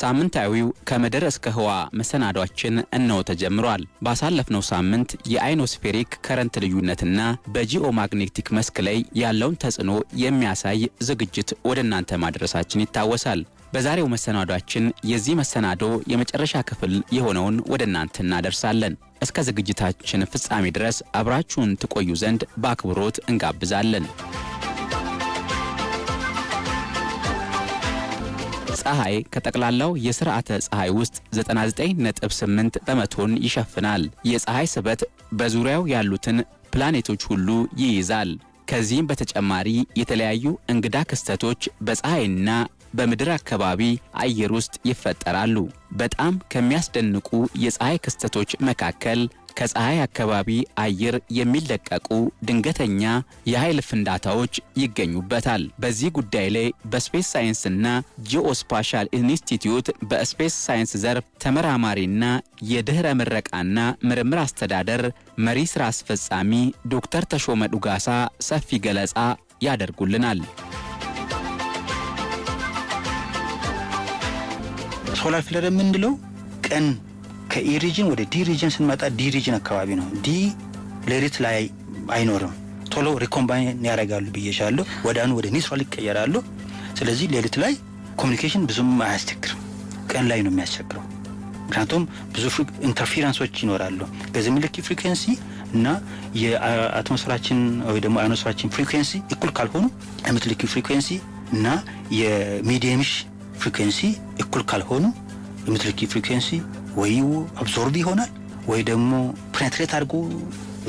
ሳምንታዊው ከምድር እስከ ህዋ መሰናዷችን እነሆ ተጀምሯል። ባሳለፍነው ሳምንት የአይኖስፌሪክ ከረንት ልዩነትና በጂኦማግኔቲክ መስክ ላይ ያለውን ተጽዕኖ የሚያሳይ ዝግጅት ወደ እናንተ ማድረሳችን ይታወሳል። በዛሬው መሰናዷችን የዚህ መሰናዶ የመጨረሻ ክፍል የሆነውን ወደ እናንተ እናደርሳለን። እስከ ዝግጅታችን ፍጻሜ ድረስ አብራችሁን ትቆዩ ዘንድ በአክብሮት እንጋብዛለን። ፀሐይ ከጠቅላላው የስርዓተ ፀሐይ ውስጥ 99.8 በመቶን ይሸፍናል። የፀሐይ ስበት በዙሪያው ያሉትን ፕላኔቶች ሁሉ ይይዛል። ከዚህም በተጨማሪ የተለያዩ እንግዳ ክስተቶች በፀሐይና በምድር አካባቢ አየር ውስጥ ይፈጠራሉ። በጣም ከሚያስደንቁ የፀሐይ ክስተቶች መካከል ከፀሐይ አካባቢ አየር የሚለቀቁ ድንገተኛ የኃይል ፍንዳታዎች ይገኙበታል። በዚህ ጉዳይ ላይ በስፔስ ሳይንስና ጂኦስፓሻል ኢንስቲትዩት በስፔስ ሳይንስ ዘርፍ ተመራማሪና የድኅረ ምረቃና ምርምር አስተዳደር መሪ ሥራ አስፈጻሚ ዶክተር ተሾመ ዱጋሳ ሰፊ ገለጻ ያደርጉልናል። ሶላር ፍለር የምንለው ቀን ከኢሪጅን ወደ ዲሪጅን ስንመጣ ዲሪጅን አካባቢ ነው። ዲ ሌሊት ላይ አይኖርም። ቶሎ ሪኮምባይን ያደርጋሉ ብዬሻለሁ። አኑ ወደ ኒውትራል ይቀየራሉ። ስለዚህ ሌሊት ላይ ኮሚኒኬሽን ብዙም አያስቸግርም። ቀን ላይ ነው የሚያስቸግረው። ምክንያቱም ብዙ ኢንተርፌረንሶች ይኖራሉ። በዚህ ምልክ ፍሪኩንሲ እና የአትሞስፌራችን ወይ ደግሞ አይኖስፌራችን ፍሪኩንሲ እኩል ካልሆኑ የምትልክ ፍሪኩንሲ እና የሚዲየምሽ ፍሪኩንሲ እኩል ካልሆኑ የምትልክ ፍሪኩንሲ ወይ አብዞርብ ይሆናል ወይ ደግሞ ፕሬትሬት አድርጎ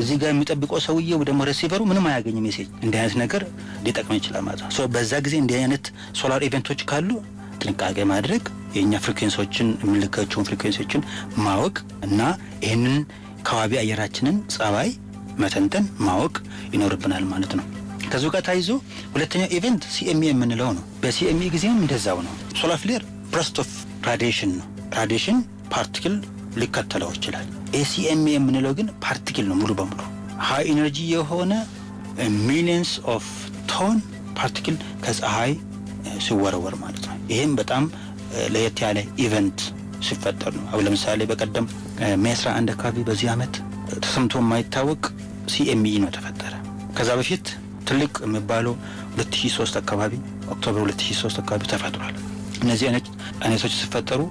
እዚህ ጋር የሚጠብቀው ሰውዬ ደግሞ ሬሲቨሩ ምንም አያገኝም ሜሴጅ። እንዲህ አይነት ነገር ሊጠቅም ይችላል ማለት ነው። በዛ ጊዜ እንዲህ አይነት ሶላር ኢቨንቶች ካሉ ጥንቃቄ ማድረግ የእኛ ፍሪኩዌንሶችን የምንልካቸውን ፍሪኩዌንሲዎችን ማወቅ እና ይህንን ከባቢ አየራችንን ጸባይ መተንተን ማወቅ ይኖርብናል ማለት ነው። ከዚ ጋር ታይዞ ሁለተኛው ኢቨንት ሲኤምኤ e የምንለው ነው። በሲኤምኤ e ጊዜም እንደዛው ነው። ሶላር ፍሌር ብረስት ኦፍ ራዲሽን ነው። ራዲሽን ፓርቲክል ሊከተለው ይችላል። ኤሲኤምኤ የምንለው ግን ፓርቲክል ነው ሙሉ በሙሉ ሃይ ኢነርጂ የሆነ ሚሊየንስ ኦፍ ቶን ፓርቲክል ከፀሐይ ሲወረወር ማለት ነው። ይህም በጣም ለየት ያለ ኢቨንት ሲፈጠር ነው። አሁን ለምሳሌ በቀደም ሜስራ አንድ አካባቢ በዚህ ዓመት ተሰምቶ የማይታወቅ ሲኤምኢ e ነው ተፈጠረ። ከዛ በፊት ትልቅ የሚባለው 2003 አካባቢ ኦክቶበር 2003 አካባቢ ተፈጥሯል። እነዚህ አይነቶች ሲፈጠሩ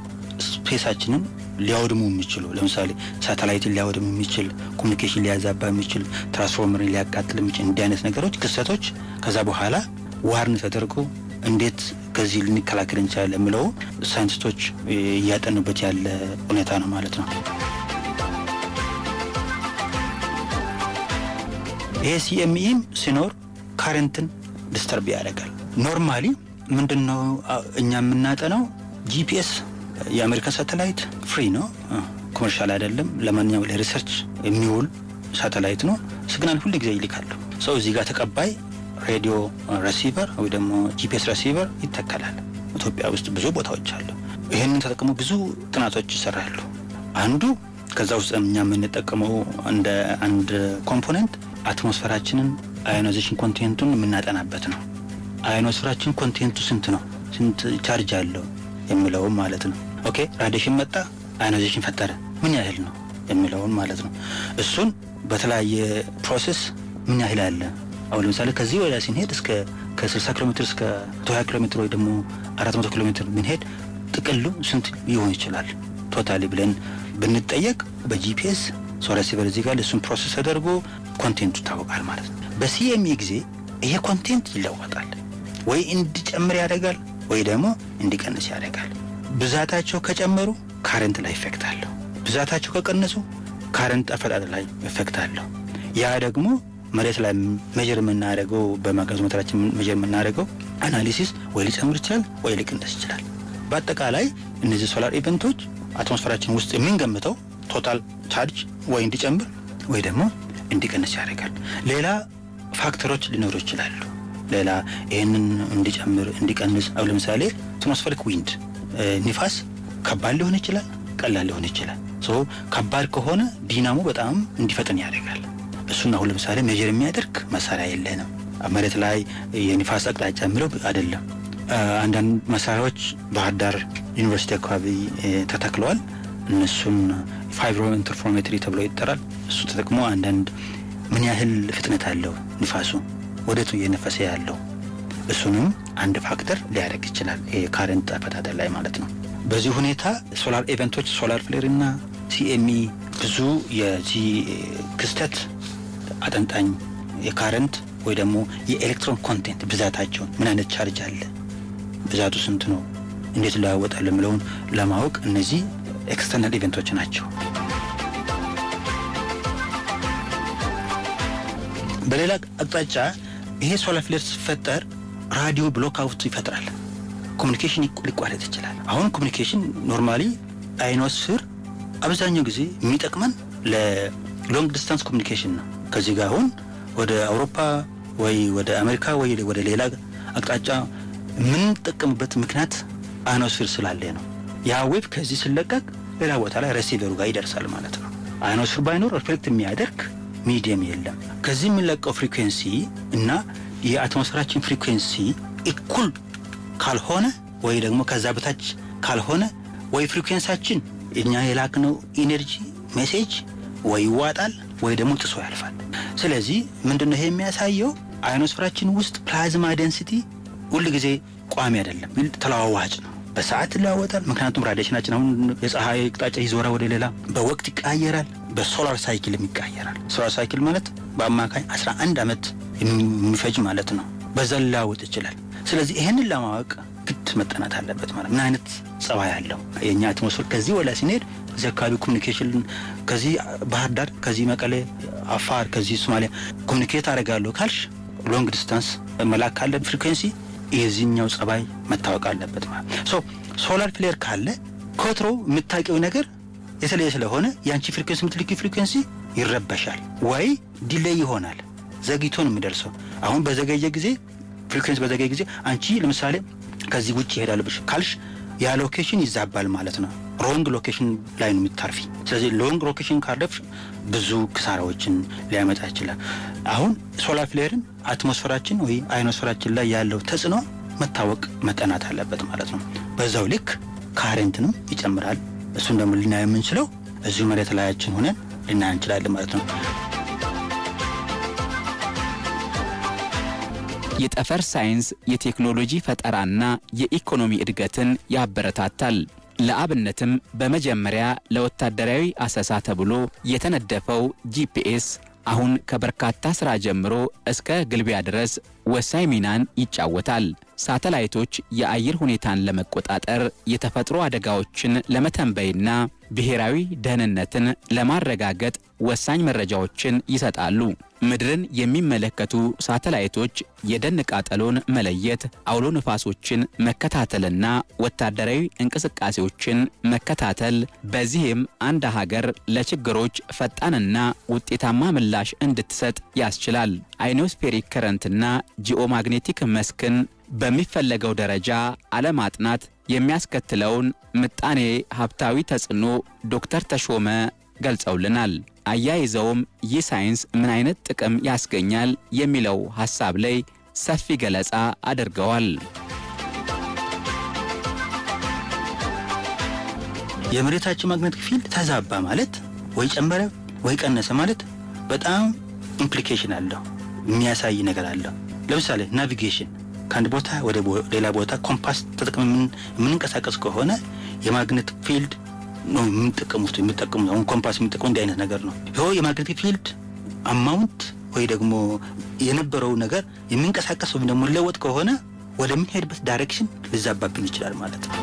ስፔሳችንን ሊያወድሙ የሚችሉ ለምሳሌ ሳተላይትን ሊያወድም የሚችል ኮሚኒኬሽን ሊያዛባ የሚችል ትራንስፎርመርን ሊያቃጥል የሚችል እንዲህ አይነት ነገሮች፣ ክስተቶች ከዛ በኋላ ዋርን ተደርጎ እንዴት ከዚህ ልንከላከል እንችላለን የምለው ሳይንቲስቶች እያጠኑበት ያለ ሁኔታ ነው ማለት ነው። ይሄ ሲኤምኢም ሲኖር ካረንትን ዲስተርብ ያደርጋል። ኖርማሊ ምንድን ነው እኛ የምናጠነው ጂፒኤስ የአሜሪካ ሳተላይት ፍሪ ነው፣ ኮመርሻል አይደለም። ለማንኛውም ለሪሰርች የሚውል ሳተላይት ነው። ስግናል ሁል ጊዜ ይልካሉ። ሰው እዚህ ጋር ተቀባይ ሬዲዮ ረሲቨር ወይ ደግሞ ጂፒኤስ ረሲቨር ይተከላል። ኢትዮጵያ ውስጥ ብዙ ቦታዎች አሉ። ይህንን ተጠቅሞ ብዙ ጥናቶች ይሰራሉ። አንዱ ከዛ ውስጥ እኛ የምንጠቀመው እንደ አንድ ኮምፖነንት አትሞስፌራችንን አዮናይዜሽን ኮንቴንቱን የምናጠናበት ነው። አዮኖስፌራችን ኮንቴንቱ ስንት ነው፣ ስንት ቻርጅ አለው የሚለውም ማለት ነው። ኦኬ ራዲሽን መጣ፣ አዮናይዜሽን ፈጠረ። ምን ያህል ነው የሚለውን ማለት ነው። እሱን በተለያየ ፕሮሴስ ምን ያህል አለ። አሁን ለምሳሌ ከዚህ ወዲያ ስንሄድ እስከ ከ60 ኪሎ ሜትር እስከ 20 ኪሎ ሜትር ወይ ደግሞ 400 ኪሎ ሜትር ብንሄድ ጥቅሉ ስንት ሊሆን ይችላል ቶታሊ ብለን ብንጠየቅ በጂፒኤስ ሶራ ሲቨር ጋር እሱን ፕሮሰስ ተደርጎ ኮንቴንቱ ይታወቃል ማለት ነው። በሲኤምኢ ጊዜ ይሄ ኮንቴንት ይለወጣል ወይ እንዲጨምር ያደርጋል ወይ ደግሞ እንዲቀንስ ያደርጋል። ብዛታቸው ከጨመሩ ካረንት ላይ ኢፌክት አለው። ብዛታቸው ከቀነሱ ካረንት አፈጣጥ ላይ ኢፌክት አለው። ያ ደግሞ መሬት ላይ መጀር የምናደርገው በማጋዝ ሞተራችን መጀር የምናደርገው አናሊሲስ ወይ ሊጨምር ይችላል ወይ ሊቀንስ ይችላል። በአጠቃላይ እነዚህ ሶላር ኢቨንቶች አትሞስፌራችን ውስጥ የምንገምተው ቶታል ቻርጅ ወይ እንዲጨምር ወይ ደግሞ እንዲቀንስ ያደርጋል። ሌላ ፋክተሮች ሊኖሩ ይችላሉ። ሌላ ይህንን እንዲጨምር እንዲቀንስ ለምሳሌ አትሞስፌሪክ ዊንድ ንፋስ ከባድ ሊሆን ይችላል፣ ቀላል ሊሆን ይችላል። ከባድ ከሆነ ዲናሞ በጣም እንዲፈጥን ያደርጋል። እሱን አሁን ለምሳሌ ሜጀር የሚያደርግ መሳሪያ የለንም። መሬት ላይ የንፋስ አቅጣጫ የሚለው አይደለም። አንዳንድ መሳሪያዎች ባህር ዳር ዩኒቨርሲቲ አካባቢ ተተክለዋል። እነሱን ፋይብሮ ኢንተርፎርሜትሪ ተብሎ ይጠራል። እሱ ተጠቅሞ አንዳንድ ምን ያህል ፍጥነት አለው ንፋሱ ወደቱ እየነፈሰ ያለው እሱንም አንድ ፋክተር ሊያደርግ ይችላል። የካረንት አፈጣጠር ላይ ማለት ነው። በዚህ ሁኔታ ሶላር ኤቨንቶች ሶላር ፍሌር እና ሲኤምኢ ብዙ የዚህ ክስተት አጠንጣኝ የካረንት ወይ ደግሞ የኤሌክትሮን ኮንቴንት ብዛታቸውን ምን አይነት ቻርጅ አለ፣ ብዛቱ ስንት ነው፣ እንዴት ለዋወጣል የሚለውን ለማወቅ እነዚህ ኤክስተርናል ኢቨንቶች ናቸው። በሌላ አቅጣጫ ይሄ ሶላር ፍሌር ሲፈጠር ራዲዮ ብሎክ አውት ይፈጥራል። ኮሚኒኬሽን ሊቋረጥ ይችላል። አሁን ኮሚኒኬሽን ኖርማሊ አይኖስ ስር አብዛኛው ጊዜ የሚጠቅመን ለሎንግ ዲስታንስ ኮሚኒኬሽን ነው። ከዚህ ጋር አሁን ወደ አውሮፓ ወይ ወደ አሜሪካ ወይ ወደ ሌላ አቅጣጫ የምንጠቀምበት ምክንያት አይኖስፌር ስላለ ነው። ያ ዌብ ከዚህ ስለቀቅ ሌላ ቦታ ላይ ሬሲቨሩ ጋር ይደርሳል ማለት ነው። አይኖስፌር ባይኖር ሪፍሌክት የሚያደርግ ሚዲየም የለም። ከዚህ የሚለቀው ፍሪኩዌንሲ እና የአትሞስፈራችን ፍሪኩዌንሲ እኩል ካልሆነ ወይ ደግሞ ከዛ በታች ካልሆነ ወይ ፍሪኩዌንሳችን እኛ የላክነው ኢነርጂ ሜሴጅ ወይ ይዋጣል ወይ ደግሞ ጥሶ ያልፋል። ስለዚህ ምንድነው ይሄ የሚያሳየው? አይኖስፈራችን ውስጥ ፕላዝማ ደንሲቲ ሁል ጊዜ ቋሚ አይደለም፣ ተለዋዋጭ ነው። በሰዓት ይለዋወጣል። ምክንያቱም ራዲሽናችን አሁን የፀሐይ አቅጣጫ ይዞረ ወደ ሌላ፣ በወቅት ይቃየራል፣ በሶላር ሳይክልም ይቀያየራል። ሶላር ሳይክል ማለት በአማካኝ 11 ዓመት የሚፈጅ ማለት ነው። በዛ ሊለዋወጥ ይችላል። ስለዚህ ይህንን ለማወቅ ግድ መጠናት አለበት ማለት ምን አይነት ጸባይ አለው የእኛ አትሞስፌር ከዚህ ወላ ሲንሄድ እዚህ አካባቢ ኮሚኒኬሽን ከዚህ ባህር ዳር፣ ከዚህ መቀሌ፣ አፋር፣ ከዚህ ሶማሊያ ኮሚኒኬት አደርጋለሁ ካልሽ ሎንግ ዲስታንስ መላክ ካለ ፍሪኩዌንሲ የዚህኛው ጸባይ መታወቅ አለበት ማለት ሶ ሶላር ፍሌር ካለ ከወትሮ የምታውቂው ነገር የተለየ ስለሆነ የአንቺ ፍሪኩዌንሲ የምትልኪ ፍሪኩዌንሲ ይረበሻል ወይ ዲሌይ ይሆናል። ዘግይቶ ነው የሚደርሰው። አሁን በዘገየ ጊዜ ፍሪኩዌንስ በዘገየ ጊዜ አንቺ ለምሳሌ ከዚህ ውጭ ይሄዳል ብሽ ካልሽ ያ ሎኬሽን ይዛባል ማለት ነው። ሮንግ ሎኬሽን ላይ ነው የምታርፊ። ስለዚህ ሎንግ ሎኬሽን ካለፍሽ ብዙ ክሳራዎችን ሊያመጣ ይችላል። አሁን ሶላር ፍሌርን አትሞስፌራችን ወይ አይኖስፈራችን ላይ ያለው ተጽዕኖ መታወቅ መጠናት አለበት ማለት ነው። በዛው ልክ ካረንትንም ይጨምራል። እሱን ደግሞ ልናየው የምንችለው እዚሁ መሬት ላያችን ሆነን ልናየው እንችላለን ማለት ነው። የጠፈር ሳይንስ የቴክኖሎጂ ፈጠራና የኢኮኖሚ እድገትን ያበረታታል። ለአብነትም በመጀመሪያ ለወታደራዊ አሰሳ ተብሎ የተነደፈው ጂፒኤስ አሁን ከበርካታ ስራ ጀምሮ እስከ ግልቢያ ድረስ ወሳኝ ሚናን ይጫወታል። ሳተላይቶች የአየር ሁኔታን ለመቆጣጠር የተፈጥሮ አደጋዎችን ለመተንበይና ብሔራዊ ደህንነትን ለማረጋገጥ ወሳኝ መረጃዎችን ይሰጣሉ። ምድርን የሚመለከቱ ሳተላይቶች የደን ቃጠሎን መለየት፣ አውሎ ነፋሶችን መከታተልና ወታደራዊ እንቅስቃሴዎችን መከታተል፣ በዚህም አንድ ሀገር ለችግሮች ፈጣንና ውጤታማ ምላሽ እንድትሰጥ ያስችላል። አይኖስፌሪክ ከረንትና ጂኦማግኔቲክ መስክን በሚፈለገው ደረጃ አለማጥናት የሚያስከትለውን ምጣኔ ሀብታዊ ተጽዕኖ ዶክተር ተሾመ ገልጸውልናል። አያይዘውም ይህ ሳይንስ ምን አይነት ጥቅም ያስገኛል የሚለው ሐሳብ ላይ ሰፊ ገለጻ አድርገዋል። የመሬታችን ማግኔቲክ ፊልድ ተዛባ ማለት ወይ ጨመረ ወይ ቀነሰ ማለት በጣም ኢምፕሊኬሽን አለው፣ የሚያሳይ ነገር አለው። ለምሳሌ ናቪጌሽን ከአንድ ቦታ ወደ ሌላ ቦታ ኮምፓስ ተጠቅመ የምንንቀሳቀስ ከሆነ የማግኔት ፊልድ ነው የምንጠቀሙት የሚጠቀሙት አሁን ኮምፓስ የሚጠቀሙ እንዲህ አይነት ነገር ነው። ይኸው የማግኔት ፊልድ አማውንት ወይ ደግሞ የነበረው ነገር የሚንቀሳቀስ ወይም ደግሞ ለወጥ ከሆነ ወደምንሄድበት ዳይሬክሽን ልዛባብን ይችላል ማለት ነው።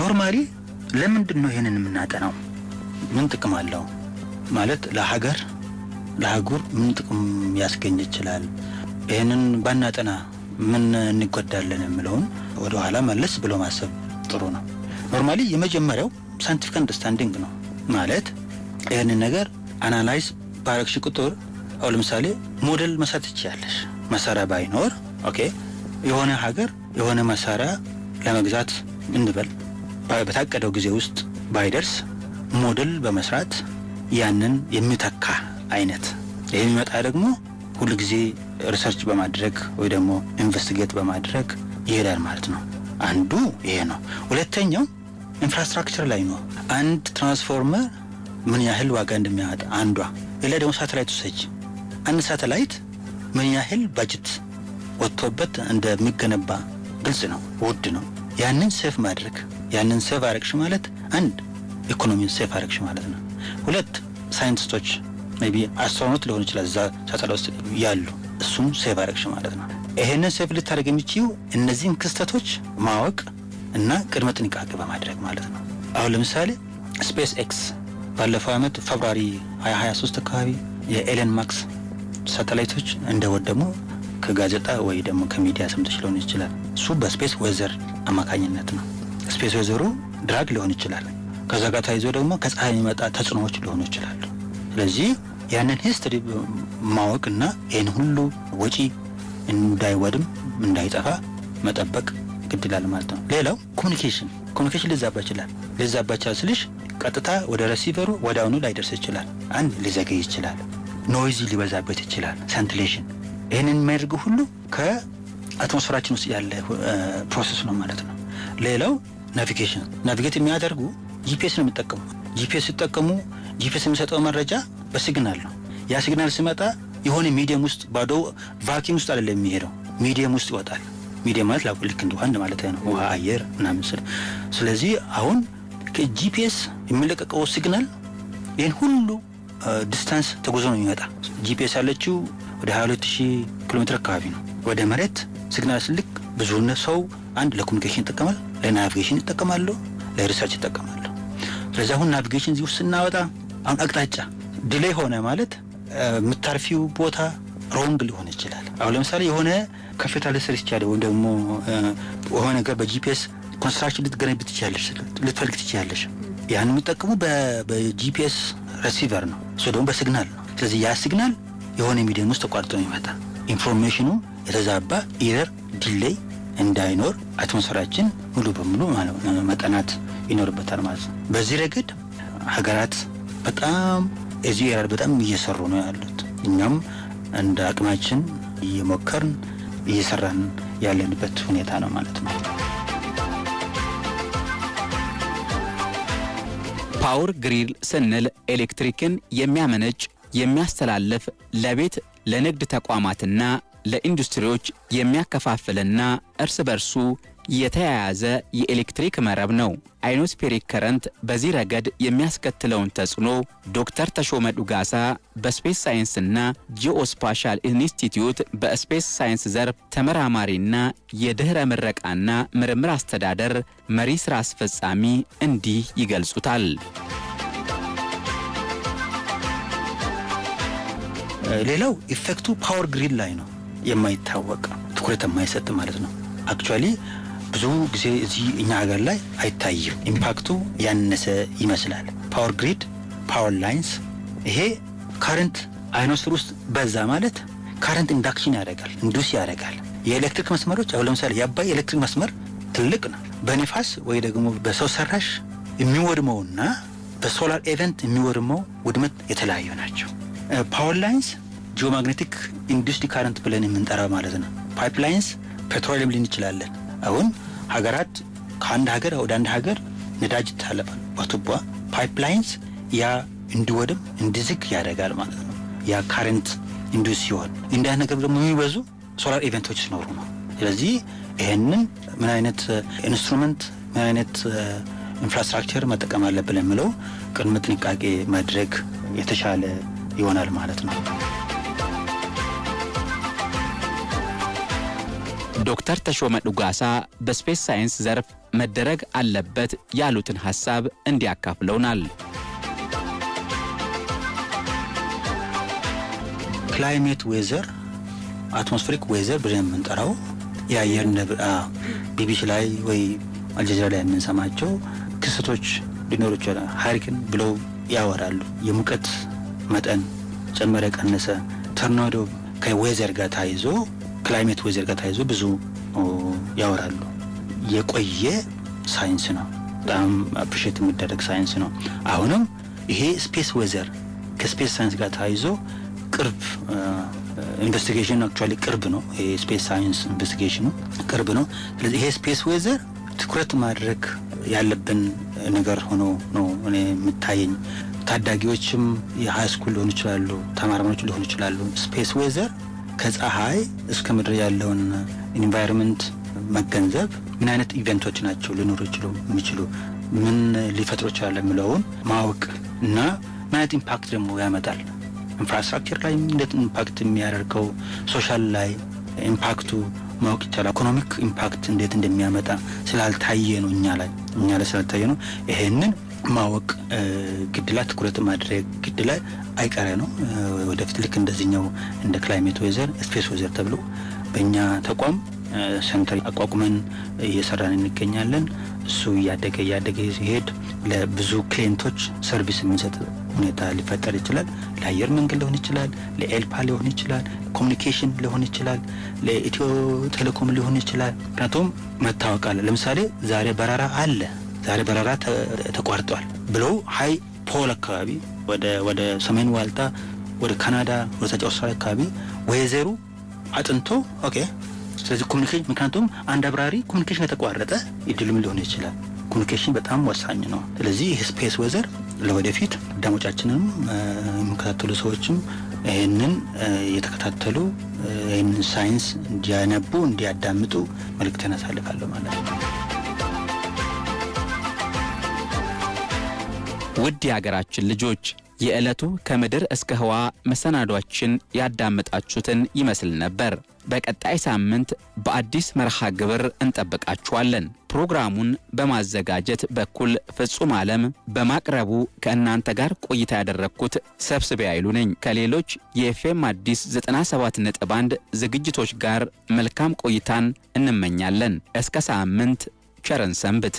ኖርማሊ ለምንድን ነው ይህንን የምናጠናው? ምን ጥቅም አለው ማለት ለሀገር ለአህጉር ምን ጥቅም ያስገኝ ይችላል? ይህንን ባናጠና ምን እንጎዳለን የሚለውን ወደኋላ መለስ ብሎ ማሰብ ጥሩ ነው። ኖርማሊ የመጀመሪያው ሳይንቲፊክ አንደርስታንዲንግ ነው ማለት ይህንን ነገር አናላይዝ ባረግሽ ቁጥር አሁ ለምሳሌ ሞዴል መስራት ትችያለሽ። መሳሪያ ባይኖር ኦኬ፣ የሆነ ሀገር የሆነ መሳሪያ ለመግዛት እንበል በታቀደው ጊዜ ውስጥ ባይደርስ ሞዴል በመስራት ያንን የሚተካ አይነት። ይህ የሚመጣ ደግሞ ሁል ጊዜ ሪሰርች በማድረግ ወይ ደግሞ ኢንቨስቲጌት በማድረግ ይሄዳል ማለት ነው። አንዱ ይሄ ነው። ሁለተኛው ኢንፍራስትራክቸር ላይ ነው። አንድ ትራንስፎርመር ምን ያህል ዋጋ እንደሚያወጣ አንዷ። ሌላ ደግሞ ሳተላይት ውሰጅ። አንድ ሳተላይት ምን ያህል ባጀት ወጥቶበት እንደሚገነባ ግልጽ ነው፣ ውድ ነው። ያንን ሴፍ ማድረግ ያንን ሴፍ አረግሽ ማለት አንድ ኢኮኖሚን ሴፍ አረግሽ ማለት ነው። ሁለት ሳይንቲስቶች ቢ አስትሮኖት ሊሆን ይችላል እዛ ሳተላ ውስጥ ያሉ እሱም ሴቭ አረግሽ ማለት ነው። ይሄንን ሴቭ ልታደርግ የሚችዩ እነዚህን ክስተቶች ማወቅ እና ቅድመ ጥንቃቄ በማድረግ ማለት ነው። አሁን ለምሳሌ ስፔስ ኤክስ ባለፈው ዓመት ፌብራሪ 2023 አካባቢ የኤለን ማክስ ሳተላይቶች እንደወደሙ ከጋዜጣ ወይ ደግሞ ከሚዲያ ሰምተሽ ሊሆን ይችላል። እሱ በስፔስ ወዘር አማካኝነት ነው። ስፔስ ወዘሩ ድራግ ሊሆን ይችላል። ከዛ ጋር ተያይዞ ደግሞ ከፀሐይ የሚመጣ ተጽዕኖዎች ሊሆኑ ይችላሉ። ስለዚህ ያንን ሂስትሪ ማወቅና ይህን ሁሉ ወጪ እንዳይወድም እንዳይጠፋ መጠበቅ ግድላል ማለት ነው። ሌላው ኮሚኒኬሽን ኮሚኒኬሽን ሊዛባ ይችላል። ሊዛባ ይችላል ስልሽ ቀጥታ ወደ ረሲቨሩ ወደ አሁኑ ላይደርስ ይችላል። አንድ ሊዘገይ ይችላል። ኖይዚ ሊበዛበት ይችላል። ሰንትሌሽን ይህንን የሚያደርግ ሁሉ ከአትሞስፌራችን ውስጥ ያለ ፕሮሰስ ነው ማለት ነው። ሌላው ናቪጌሽን ናቪጌት የሚያደርጉ ጂፒኤስ ነው የሚጠቀሙ ጂፒኤስ ሲጠቀሙ ጂፒኤስ የሚሰጠው መረጃ በሲግናል ነው። ያ ሲግናል ሲመጣ የሆነ ሚዲየም ውስጥ ባዶ ቫኪም ውስጥ አይደለም የሚሄደው፣ ሚዲየም ውስጥ ይወጣል። ሚዲየም ማለት ልክ እንደ ውሃ ነው። ውሃ፣ አየር ምናምን ስለዚህ አሁን ከጂፒኤስ የሚለቀቀው ሲግናል ይህን ሁሉ ዲስታንስ ተጉዞ ነው የሚመጣ። ጂፒኤስ ያለችው ወደ 22000 ኪሎ ሜትር አካባቢ ነው። ወደ መሬት ሲግናል ስልክ ብዙነት ሰው አንድ ለኮሚኒኬሽን ይጠቀማል፣ ለናቪጌሽን ይጠቀማሉ፣ ለሪሰርች ይጠቀማሉ። ስለዚህ አሁን ናቪጌሽን እዚህ ውስጥ ስናወጣ አሁን አቅጣጫ ድሌ ሆነ ማለት የምታርፊው ቦታ ሮንግ ሊሆን ይችላል። አሁን ለምሳሌ የሆነ ከፍታ ልስር ይቻለ ወይም ደግሞ የሆነ ነገር በጂፒኤስ ኮንስትራክሽን ልትገነቢ ትችያለሽ፣ ልትፈልግ ትችያለሽ። ያን የሚጠቀሙ በጂፒኤስ ረሲቨር ነው፣ እሱ ደግሞ በሲግናል ነው። ስለዚህ ያ ሲግናል የሆነ ሚዲየም ውስጥ ተቋርጦ ነው ይመጣ። ኢንፎርሜሽኑ የተዛባ ኢረር ዲሌይ እንዳይኖር አትሞስፈራችን ሙሉ በሙሉ መጠናት ይኖርበታል ማለት ነው። በዚህ ረገድ ሀገራት በጣም ኤዚኤራር በጣም እየሰሩ ነው ያሉት። እኛም እንደ አቅማችን እየሞከርን እየሰራን ያለንበት ሁኔታ ነው ማለት ነው። ፓወር ግሪል ስንል ኤሌክትሪክን የሚያመነጭ የሚያስተላልፍ፣ ለቤት ለንግድ ተቋማትና ለኢንዱስትሪዎች የሚያከፋፍልና እርስ በርሱ የተያያዘ የኤሌክትሪክ መረብ ነው። አይኖስፔሪክ ከረንት በዚህ ረገድ የሚያስከትለውን ተጽዕኖ ዶክተር ተሾመ ዱጋሳ በስፔስ ሳይንስና ጂኦስፓሻል ኢንስቲትዩት በስፔስ ሳይንስ ዘርፍ ተመራማሪና የድኅረ ምረቃና ምርምር አስተዳደር መሪ ሥራ አስፈጻሚ እንዲህ ይገልጹታል። ሌላው ኢፌክቱ ፓወር ግሪድ ላይ ነው። የማይታወቅ ትኩረት የማይሰጥ ማለት ነው። አክቹዋሊ ብዙ ጊዜ እዚህ እኛ ሀገር ላይ አይታይም። ኢምፓክቱ ያነሰ ይመስላል። ፓወር ግሪድ፣ ፓወር ላይንስ ይሄ ካረንት አይኖስር ውስጥ በዛ ማለት ካረንት ኢንዳክሽን ያደርጋል፣ ኢንዱስ ያደርጋል። የኤሌክትሪክ መስመሮች አሁን ለምሳሌ የአባይ ኤሌክትሪክ መስመር ትልቅ ነው። በነፋስ ወይ ደግሞ በሰው ሰራሽ የሚወድመውና በሶላር ኤቨንት የሚወድመው ውድመት የተለያዩ ናቸው። ፓወር ላይንስ ጂኦማግኔቲክ ኢንዱስድ ካረንት ብለን የምንጠራ ማለት ነው። ፓይፕላይንስ ፔትሮሊየም ሊን ይችላለን አሁን ሀገራት ከአንድ ሀገር ወደ አንድ ሀገር ነዳጅ ይታለፋል በቱቧ ፓይፕላይንስ ያ እንዲወድም እንዲዝግ ያደርጋል ማለት ነው። ያ ካረንት ኢንዱስ ሲሆን እንዲ ነገር ደግሞ የሚበዙ ሶላር ኢቨንቶች ሲኖሩ ነው። ስለዚህ ይህንን ምን አይነት ኢንስትሩመንት uh, ምን አይነት ኢንፍራስትራክቸር uh, መጠቀም አለብን የምለው ቅድመ ጥንቃቄ ማድረግ የተሻለ ይሆናል ማለት ነው። ዶክተር ተሾመ ዱጋሳ በስፔስ ሳይንስ ዘርፍ መደረግ አለበት ያሉትን ሐሳብ እንዲያካፍለውናል። ክላይሜት ዌዘር አትሞስፌሪክ ዌዘር ብለን የምንጠራው የአየር ቢቢሲ ላይ ወይ አልጀዚራ ላይ የምንሰማቸው ክስተቶች ሊኖሩ ይችላል። ሀሪክን ብለው ያወራሉ። የሙቀት መጠን ጨመረ፣ ቀነሰ፣ ተርናዶ ከዌዘር ጋር ታይዞ ክላይሜት ወይዘር ጋር ተያይዞ ብዙ ያወራሉ። የቆየ ሳይንስ ነው። በጣም አፕሪሼት የሚደረግ ሳይንስ ነው። አሁንም ይሄ ስፔስ ወዘር ከስፔስ ሳይንስ ጋር ተያይዞ ቅርብ ኢንቨስቲጌሽን አክቹዋሊ ቅርብ ነው። ይሄ ስፔስ ሳይንስ ኢንቨስቲጌሽኑ ቅርብ ነው። ስለዚህ ይሄ ስፔስ ወዘር ትኩረት ማድረግ ያለብን ነገር ሆኖ ነው እኔ የምታየኝ። ታዳጊዎችም የሃይ ስኩል ሊሆኑ ይችላሉ፣ ተማሪዎች ሊሆኑ ይችላሉ። ስፔስ ወዘር ከፀሐይ እስከ ምድር ያለውን ኢንቫይሮንመንት መገንዘብ ምን አይነት ኢቨንቶች ናቸው ሊኖሩ ይችሉ የሚችሉ ምን ሊፈጥሮ ይችላል የሚለውን ማወቅ እና ምን አይነት ኢምፓክት ደግሞ ያመጣል ኢንፍራስትራክቸር ላይ እንደት ኢምፓክት የሚያደርገው ሶሻል ላይ ኢምፓክቱ ማወቅ ይቻላል። ኢኮኖሚክ ኢምፓክት እንዴት እንደሚያመጣ ስላልታየ ነው እኛ ላይ እኛ ላይ ስላልታየ ነው ይሄንን ማወቅ ግድ ላይ ትኩረት ማድረግ ግድ ላይ አይቀሬ ነው። ወደፊት ልክ እንደዚህኛው እንደ ክላይሜት ወይዘር ስፔስ ወይዘር ተብሎ በእኛ ተቋም ሴንተር አቋቁመን እየሰራን እንገኛለን። እሱ እያደገ እያደገ ሲሄድ ለብዙ ክሊንቶች ሰርቪስ የሚሰጥ ሁኔታ ሊፈጠር ይችላል። ለአየር መንገድ ሊሆን ይችላል፣ ለኤልፓ ሊሆን ይችላል፣ ኮሚኒኬሽን ሊሆን ይችላል፣ ለኢትዮ ቴሌኮም ሊሆን ይችላል። ምክንያቱም መታወቅ አለ። ለምሳሌ ዛሬ በረራ አለ ዛሬ በረራ ተቋርጧል ብለው ሀይ ፖል አካባቢ ወደ ሰሜን ዋልታ ወደ ካናዳ ወደ ተጫወሳ አካባቢ ወይዘሩ አጥንቶ ኦኬ። ስለዚህ ኮሚኒኬሽን ምክንያቱም አንድ አብራሪ ኮሚኒኬሽን ከተቋረጠ ይድልም ሊሆን ይችላል። ኮሚኒኬሽን በጣም ወሳኝ ነው። ስለዚህ ይህ ስፔስ ወዘር ለወደፊት አዳሞቻችንም የሚከታተሉ ሰዎችም ይህንን እየተከታተሉ ይህንን ሳይንስ እንዲያነቡ እንዲያዳምጡ መልክት ያሳልፋለሁ ማለት ነው። ውድ የሀገራችን ልጆች የዕለቱ ከምድር እስከ ህዋ መሰናዷችን ያዳመጣችሁትን ይመስል ነበር። በቀጣይ ሳምንት በአዲስ መርሃ ግብር እንጠብቃችኋለን። ፕሮግራሙን በማዘጋጀት በኩል ፍጹም ዓለም በማቅረቡ ከእናንተ ጋር ቆይታ ያደረግኩት ሰብስቤ አይሉ ነኝ። ከሌሎች የኤፍኤም አዲስ 97 ነጥብ 1 ዝግጅቶች ጋር መልካም ቆይታን እንመኛለን። እስከ ሳምንት ቸረን ሰንብት።